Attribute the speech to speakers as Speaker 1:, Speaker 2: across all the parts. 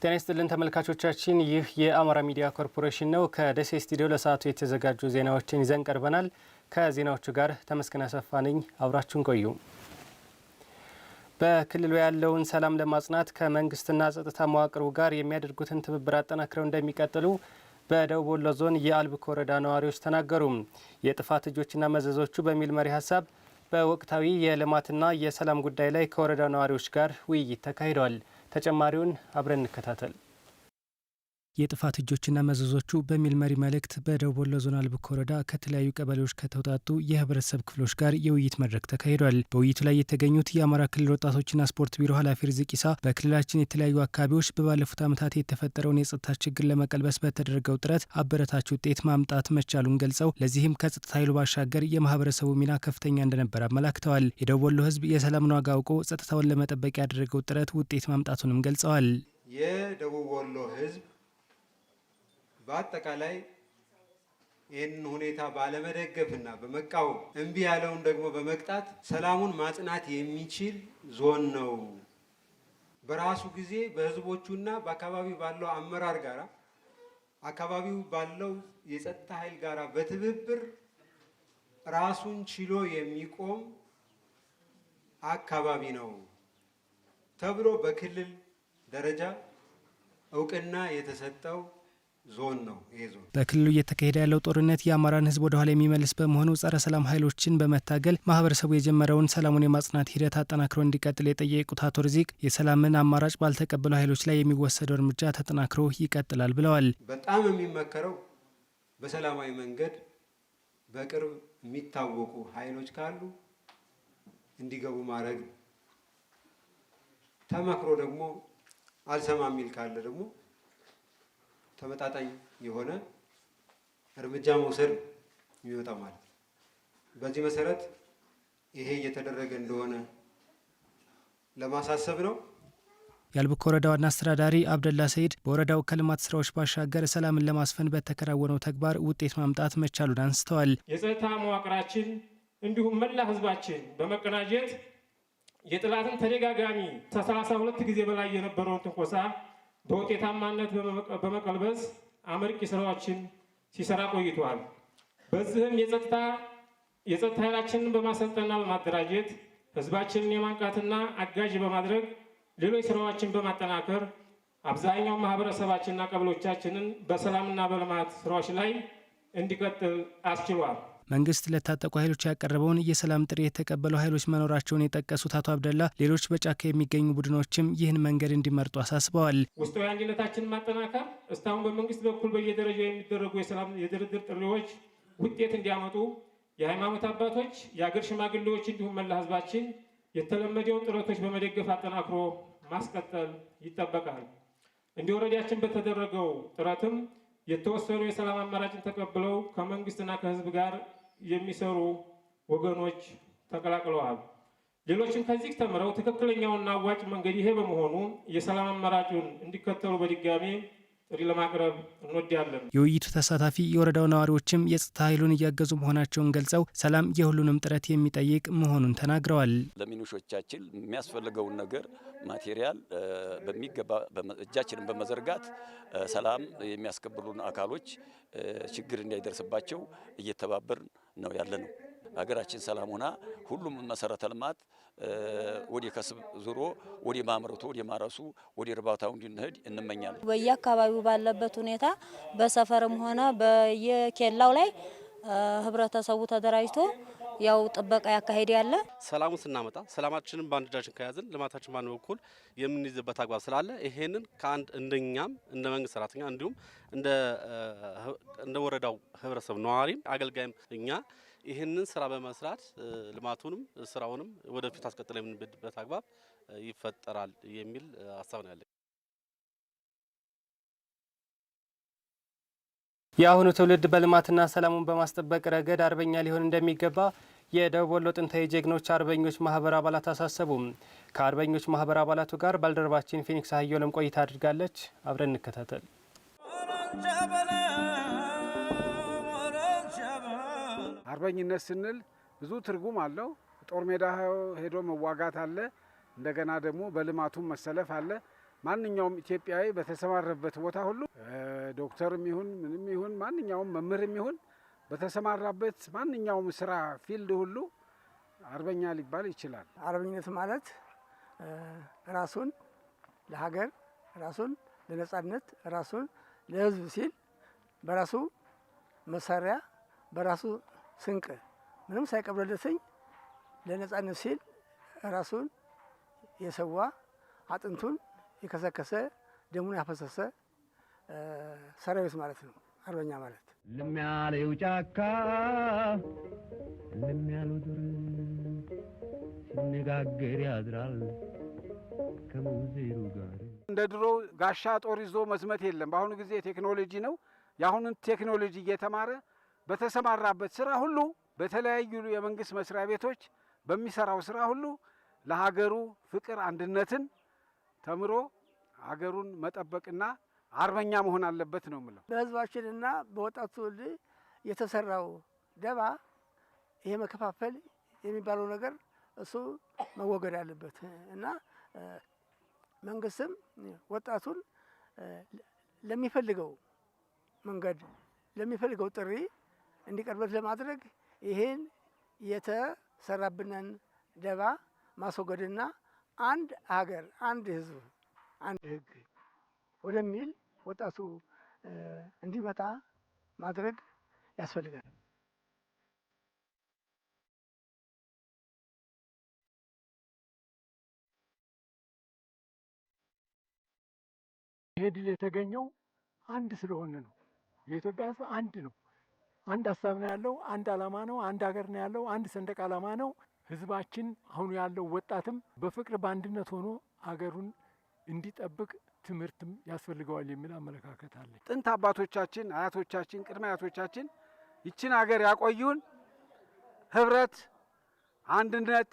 Speaker 1: ጤና ይስጥልን ተመልካቾቻችን፣ ይህ የአማራ ሚዲያ ኮርፖሬሽን ነው። ከደሴ ስቱዲዮ ለሰዓቱ የተዘጋጁ ዜናዎችን ይዘን ቀርበናል። ከዜናዎቹ ጋር ተመስገን አሰፋ ነኝ። አብራችሁን ቆዩ። በክልሉ ያለውን ሰላም ለማጽናት ከመንግስትና ጸጥታ መዋቅሩ ጋር የሚያደርጉትን ትብብር አጠናክረው እንደሚቀጥሉ በደቡብ ወሎ ዞን የአልብኮ ወረዳ ነዋሪዎች ተናገሩ። የጥፋት እጆችና መዘዞቹ በሚል መሪ ሀሳብ በወቅታዊ የልማትና የሰላም ጉዳይ ላይ ከወረዳ ነዋሪዎች ጋር ውይይት ተካሂደዋል። ተጨማሪውን አብረን እንከታተል። የጥፋት እጆችና መዘዞቹ በሚል መሪ መልእክት በደቡብ ወሎ ዞን አልብኮ ወረዳ ከተለያዩ ቀበሌዎች ከተውጣጡ የህብረተሰብ ክፍሎች ጋር የውይይት መድረክ ተካሂዷል። በውይይቱ ላይ የተገኙት የአማራ ክልል ወጣቶችና ስፖርት ቢሮ ኃላፊ ርዝቅ ኢሳ በክልላችን የተለያዩ አካባቢዎች በባለፉት ዓመታት የተፈጠረውን የጸጥታ ችግር ለመቀልበስ በተደረገው ጥረት አበረታች ውጤት ማምጣት መቻሉን ገልጸው ለዚህም ከጸጥታ ኃይሉ ባሻገር የማህበረሰቡ ሚና ከፍተኛ እንደነበር አመላክተዋል። የደቡብ ወሎ ህዝብ የሰላምን ዋጋ አውቆ ጸጥታውን ለመጠበቅ ያደረገው ጥረት ውጤት ማምጣቱንም ገልጸዋል።
Speaker 2: የደቡብ ወሎ ህዝብ በአጠቃላይ ይህንን ሁኔታ ባለመደገፍና በመቃወም እምቢ ያለውን ደግሞ በመቅጣት ሰላሙን ማጽናት የሚችል ዞን ነው። በራሱ ጊዜ በህዝቦቹና በአካባቢው ባለው አመራር ጋር አካባቢው ባለው የጸጥታ ኃይል ጋር በትብብር ራሱን ችሎ የሚቆም አካባቢ ነው ተብሎ በክልል ደረጃ እውቅና የተሰጠው ዞን ነው ይሄ ዞን።
Speaker 1: በክልሉ እየተካሄደ ያለው ጦርነት የአማራን ህዝብ ወደኋላ የሚመልስ በመሆኑ ጸረ ሰላም ኃይሎችን በመታገል ማህበረሰቡ የጀመረውን ሰላሙን የማጽናት ሂደት አጠናክሮ እንዲቀጥል የጠየቁት አቶ ርዚቅ የሰላምን አማራጭ ባልተቀበሉ ኃይሎች ላይ የሚወሰደው እርምጃ ተጠናክሮ ይቀጥላል ብለዋል።
Speaker 2: በጣም የሚመከረው በሰላማዊ መንገድ በቅርብ የሚታወቁ ኃይሎች ካሉ እንዲገቡ ማድረግ ተመክሮ ደግሞ አልሰማ የሚል ካለ ደግሞ ተመጣጣኝ የሆነ እርምጃ መውሰድ የሚመጣ ማለት ነው። በዚህ መሰረት ይሄ እየተደረገ እንደሆነ ለማሳሰብ ነው።
Speaker 1: የአልቡኮ ወረዳ ዋና አስተዳዳሪ አብደላ ሰይድ በወረዳው ከልማት ስራዎች ባሻገር ሰላምን ለማስፈን በተከናወነው ተግባር ውጤት ማምጣት መቻሉን አንስተዋል።
Speaker 3: የጸጥታ መዋቅራችን እንዲሁም መላ ህዝባችን በመቀናጀት የጥላትን ተደጋጋሚ ከሰላሳ ሁለት ጊዜ በላይ የነበረውን ትንኮሳ በውጤታማነት በመቀልበስ አመርቂ ስራዎችን ሲሰራ ቆይቷል። በዚህም የጸጥታ ኃይላችንን በማሰልጠና በማደራጀት ህዝባችንን የማንቃትና አጋዥ በማድረግ ሌሎች ስራዎችን በማጠናከር አብዛኛው ማህበረሰባችንና ቀበሎቻችንን በሰላምና በልማት ስራዎች ላይ እንዲቀጥል አስችሏል።
Speaker 1: መንግስት ለታጠቁ ኃይሎች ያቀረበውን የሰላም ጥሪ የተቀበሉ ኃይሎች መኖራቸውን የጠቀሱት አቶ አብደላ ሌሎች በጫካ የሚገኙ ቡድኖችም ይህን መንገድ እንዲመርጡ አሳስበዋል።
Speaker 3: ውስጣዊ አንድነታችንን ማጠናከር እስካሁን በመንግስት በኩል በየደረጃው የሚደረጉ የሰላም የድርድር ጥሪዎች ውጤት እንዲያመጡ የሃይማኖት አባቶች፣ የአገር ሽማግሌዎች እንዲሁም መላ ህዝባችን የተለመደውን ጥረቶች በመደገፍ አጠናክሮ ማስቀጠል ይጠበቃል። እንደ ወረዳችን በተደረገው ጥረትም የተወሰኑ የሰላም አማራጭን ተቀብለው ከመንግስትና ከህዝብ ጋር የሚሰሩ ወገኖች ተቀላቅለዋል። ሌሎችም ከዚህ ተምረው ትክክለኛውና አዋጭ መንገድ ይሄ በመሆኑ የሰላም አማራጩን እንዲከተሉ በድጋሜ ጥሪ ለማቅረብ እንወዳለን።
Speaker 1: የውይይቱ ተሳታፊ የወረዳው ነዋሪዎችም የጸጥታ ኃይሉን እያገዙ መሆናቸውን ገልጸው ሰላም የሁሉንም ጥረት የሚጠይቅ መሆኑን ተናግረዋል።
Speaker 4: ለሚኒሾቻችን የሚያስፈልገውን ነገር ማቴሪያል በሚገባ እጃችንን በመዘርጋት ሰላም የሚያስከብሩን አካሎች ችግር እንዳይደርስባቸው እየተባበር ነው ያለ ነው። ሀገራችን ሰላም ሆና ሁሉም መሰረተ ልማት ወደ ከስብ ዙሮ ወደ ማምረቱ ወደ ማረሱ ወደ እርባታው እንድንሄድ እንመኛለን።
Speaker 5: በየአካባቢው ባለበት ሁኔታ በሰፈርም ሆነ በየኬላው ላይ ህብረተሰቡ ተደራጅቶ ያው ጥበቃ ያካሄድ ያለ
Speaker 6: ሰላሙን ስናመጣ ሰላማችንን በአንድ እጃችን ከያዝን ልማታችን ባንድ በኩል የምንይዝበት አግባብ ስላለ ይሄንን ከአንድ እንደኛም እንደ መንግስት ሰራተኛ እንዲሁም እንደ ወረዳው ህብረተሰብ ነዋሪም አገልጋይም እኛ ይህንን ስራ በመስራት ልማቱንም ስራውንም ወደፊት አስቀጥለ የምንበድበት አግባብ ይፈጠራል የሚል ሀሳብ ነው ያለኝ።
Speaker 1: የአሁኑ ትውልድ በልማትና ሰላሙን በማስጠበቅ ረገድ አርበኛ ሊሆን እንደሚገባ የደቡብ ወሎ ጥንታዊ ጀግኖች አርበኞች ማህበር አባላት አሳሰቡም። ከአርበኞች ማህበር አባላቱ ጋር ባልደረባችን ፊኒክስ አህዮልም ቆይታ አድርጋለች። አብረን እንከታተል።
Speaker 7: አርበኝነት ስንል ብዙ ትርጉም አለው። ጦር ሜዳ ሄዶ መዋጋት አለ። እንደገና ደግሞ በልማቱም መሰለፍ አለ። ማንኛውም ኢትዮጵያዊ በተሰማረበት ቦታ ሁሉ ዶክተርም ይሁን ምንም ይሁን ማንኛውም መምህርም ይሁን በተሰማራበት ማንኛውም ስራ ፊልድ ሁሉ አርበኛ ሊባል ይችላል።
Speaker 8: አርበኝነት ማለት ራሱን ለሀገር፣ ራሱን ለነጻነት፣ ራሱን ለህዝብ ሲል በራሱ መሳሪያ በራሱ ስንቅ ምንም ሳይቀብረለትኝ ለነጻነት ሲል ራሱን የሰዋ አጥንቱን የከሰከሰ ደሙን ያፈሰሰ ሰራዊት ማለት ነው። አርበኛ ማለት ልሚያለው ጫካ ልም ዱር
Speaker 9: ሲነጋገር ያድራል ከመውዜሩ ጋር። እንደ ድሮ ጋሻ ጦር ይዞ መዝመት የለም። በአሁኑ ጊዜ ቴክኖሎጂ ነው። የአሁኑን ቴክኖሎጂ እየተማረ በተሰማራበት ስራ ሁሉ በተለያዩ የመንግስት መስሪያ ቤቶች በሚሰራው ስራ ሁሉ ለሀገሩ ፍቅር፣ አንድነትን ተምሮ ሀገሩን መጠበቅና አርበኛ መሆን አለበት ነው የምለው።
Speaker 10: በህዝባችንና በወጣቱ የተሰራው ደባ ይሄ መከፋፈል የሚባለው ነገር እሱ መወገድ አለበት እና መንግስትም ወጣቱን ለሚፈልገው መንገድ ለሚፈልገው ጥሪ እንዲቀርበት ለማድረግ ይህን የተሰራብንን ደባ ማስወገድና አንድ ሀገር፣ አንድ ህዝብ አንድ ህግ ወደሚል ወጣቱ እንዲመጣ ማድረግ ያስፈልጋል።
Speaker 11: ይሄ ድል የተገኘው አንድ ስለሆነ ነው። የኢትዮጵያ ህዝብ አንድ ነው። አንድ ሀሳብ ነው ያለው፣ አንድ አላማ ነው፣ አንድ ሀገር ነው ያለው፣ አንድ ሰንደቅ ዓላማ ነው። ህዝባችን አሁኑ ያለው ወጣትም በፍቅር በአንድነት ሆኖ አገሩን እንዲጠብቅ ትምህርትም ያስፈልገዋል የሚል አመለካከት አለ።
Speaker 9: ጥንት አባቶቻችን፣ አያቶቻችን፣ ቅድመ አያቶቻችን ይችን ሀገር ያቆዩን ህብረት፣ አንድነት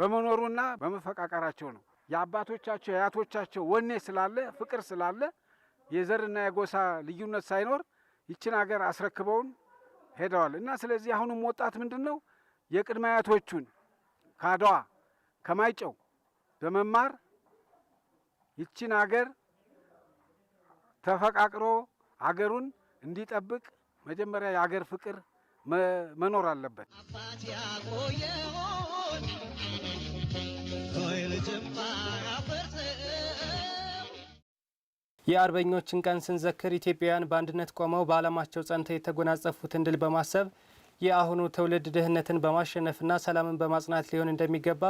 Speaker 9: በመኖሩና በመፈቃቀራቸው ነው። የአባቶቻቸው የአያቶቻቸው ወኔ ስላለ፣ ፍቅር ስላለ የዘርና የጎሳ ልዩነት ሳይኖር ይችን ሀገር አስረክበውን ሄደዋል እና ስለዚህ አሁንም ወጣት ምንድን ነው የቅድመ አያቶቹን ከአድዋ ከማይጨው በመማር ይችን ሀገር ተፈቃቅሮ አገሩን እንዲጠብቅ መጀመሪያ የአገር ፍቅር መኖር አለበት።
Speaker 1: የአርበኞችን ቀን ስንዘክር ኢትዮጵያውያን በአንድነት ቆመው በዓላማቸው ጸንተው የተጎናጸፉትን ድል በማሰብ የአሁኑ ትውልድ ድህነትን በማሸነፍና ሰላምን በማጽናት ሊሆን እንደሚገባ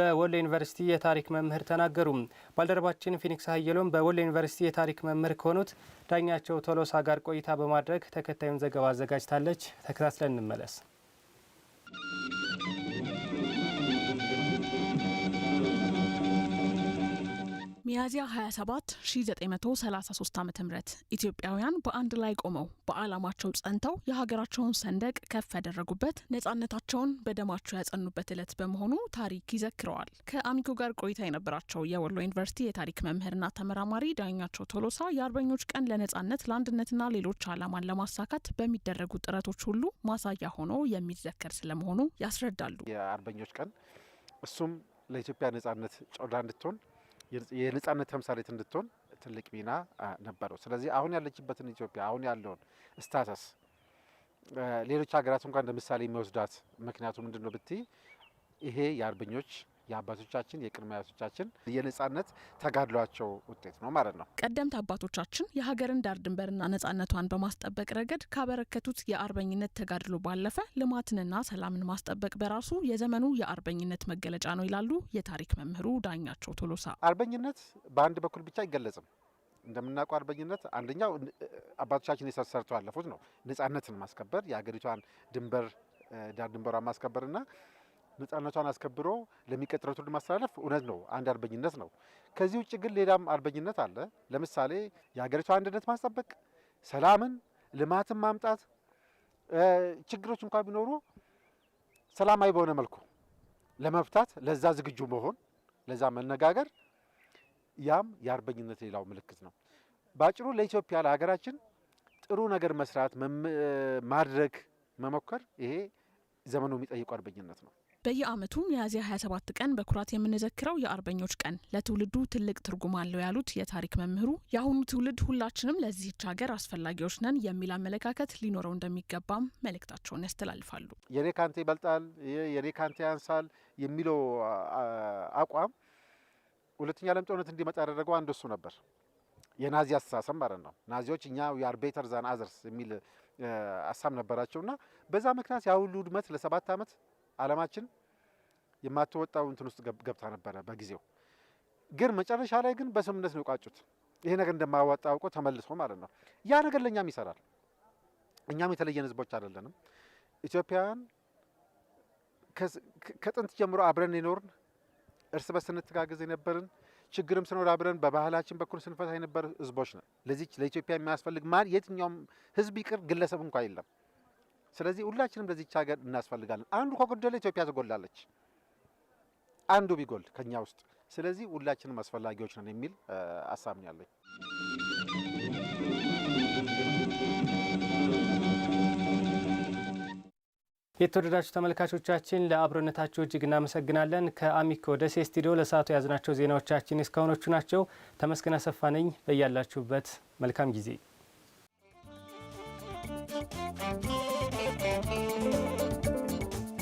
Speaker 1: በወሎ ዩኒቨርሲቲ የታሪክ መምህር ተናገሩ። ባልደረባችን ፊኒክስ ሀየሎም በወሎ ዩኒቨርሲቲ የታሪክ መምህር ከሆኑት ዳኛቸው ቶሎሳ ጋር ቆይታ በማድረግ ተከታዩን ዘገባ አዘጋጅታለች። ተከታትለን እንመለስ።
Speaker 12: ሚያዝያ 27 1933 ዓ ም ኢትዮጵያውያን በአንድ ላይ ቆመው በዓላማቸው ጸንተው የሀገራቸውን ሰንደቅ ከፍ ያደረጉበት ነፃነታቸውን በደማቸው ያጸኑበት ዕለት በመሆኑ ታሪክ ይዘክረዋል። ከአሚኮ ጋር ቆይታ የነበራቸው የወሎ ዩኒቨርሲቲ የታሪክ መምህርና ተመራማሪ ዳኛቸው ቶሎሳ የአርበኞች ቀን ለነፃነት ለአንድነትና ሌሎች ዓላማን ለማሳካት በሚደረጉ ጥረቶች ሁሉ ማሳያ ሆኖ የሚዘከር ስለመሆኑ ያስረዳሉ።
Speaker 13: የአርበኞች ቀን እሱም ለኢትዮጵያ ነፃነት ጮዳ እንድትሆን የነጻነት ተምሳሌት እንድትሆን ትልቅ ሚና ነበረው። ስለዚህ አሁን ያለችበትን ኢትዮጵያ አሁን ያለውን ስታተስ ሌሎች ሀገራት እንኳን እንደ ምሳሌ የሚወስዳት ምክንያቱ ምንድን ነው ብትይ ይሄ የአርበኞች የአባቶቻችን የቅድመ አያቶቻችን የነጻነት ተጋድሏቸው ውጤት ነው ማለት ነው።
Speaker 12: ቀደምት አባቶቻችን የሀገርን ዳር ድንበርና ነጻነቷን በማስጠበቅ ረገድ ካበረከቱት የአርበኝነት ተጋድሎ ባለፈ ልማትንና ሰላምን ማስጠበቅ በራሱ የዘመኑ የአርበኝነት መገለጫ ነው ይላሉ የታሪክ መምህሩ ዳኛቸው ቶሎሳ።
Speaker 13: አርበኝነት በአንድ በኩል ብቻ አይገለጽም። እንደምናውቀው አርበኝነት አንደኛው አባቶቻችን ሰርተው ያለፉት ነው። ነጻነትን ማስከበር የሀገሪቷን ድንበር ዳር ድንበሯን ማስከበርና ነጻነቷን አስከብሮ ለሚቀጥለው ትውልድ ማስተላለፍ እውነት ነው፣ አንድ አርበኝነት ነው። ከዚህ ውጭ ግን ሌላም አርበኝነት አለ። ለምሳሌ የሀገሪቷ አንድነት ማስጠበቅ፣ ሰላምን፣ ልማትን ማምጣት፣ ችግሮች እንኳ ቢኖሩ ሰላማዊ በሆነ መልኩ ለመፍታት ለዛ ዝግጁ መሆን፣ ለዛ መነጋገር፣ ያም የአርበኝነት ሌላው ምልክት ነው። በአጭሩ ለኢትዮጵያ ለሀገራችን ጥሩ ነገር መስራት፣ ማድረግ፣ መሞከር ይሄ ዘመኑ የሚጠይቁ አርበኝነት ነው።
Speaker 12: በየዓመቱ ሚያዝያ 27 ቀን በኩራት የምንዘክረው የአርበኞች ቀን ለትውልዱ ትልቅ ትርጉም አለው ያሉት የታሪክ መምህሩ የአሁኑ ትውልድ ሁላችንም ለዚህች ሀገር አስፈላጊዎች ነን የሚል አመለካከት ሊኖረው እንደሚገባም መልእክታቸውን ያስተላልፋሉ።
Speaker 13: የኔ ካንቴ ይበልጣል፣ የኔ ካንቴ ያንሳል የሚለው አቋም ሁለተኛ ዓለም ጦርነት እንዲመጣ ያደረገው አንዱ እሱ ነበር። የናዚ አስተሳሰብ ማለት ነው። ናዚዎች እኛ ዊአር ቤተር ዛን አዘርስ የሚል ነበራቸው ነበራቸውና በዛ ምክንያት ያ ውድመት ለሰባት ዓመት አለማችን የማትወጣው እንትን ውስጥ ገብታ ነበረ በጊዜው። ግን መጨረሻ ላይ ግን በስምምነት ነው የቋጩት። ይሄ ነገር እንደማያዋጣ አውቆ ተመልሶ ማለት ነው። ያ ነገር ለእኛም ይሰራል። እኛም የተለየን ህዝቦች አይደለንም። ኢትዮጵያውያን ከጥንት ጀምሮ አብረን የኖርን እርስ በርስ ስንተጋገዝ የነበርን ችግርም ስኖር አብረን በባህላችን በኩል ስንፈታ የነበር ህዝቦች ነን። ለዚህ ለኢትዮጵያ የሚያስፈልግ ማን የትኛውም ህዝብ ይቅር ግለሰብ እንኳ የለም። ስለዚህ ሁላችንም ለዚች ሀገር እናስፈልጋለን። አንዱ ከጎደለ ኢትዮጵያ ትጎላለች። አንዱ ቢጎል ከኛ ውስጥ ስለዚህ ሁላችንም አስፈላጊዎች ነን የሚል አሳብ ነው ያለኝ።
Speaker 1: የተወደዳችሁ ተመልካቾቻችን ለአብሮነታችሁ እጅግ እናመሰግናለን። ከአሚኮ ደሴ ስቱዲዮ ለሰዓቱ የያዝናቸው ዜናዎቻችን እስካሁኖቹ ናቸው። ተመስገን አሰፋ ነኝ። በያላችሁበት መልካም ጊዜ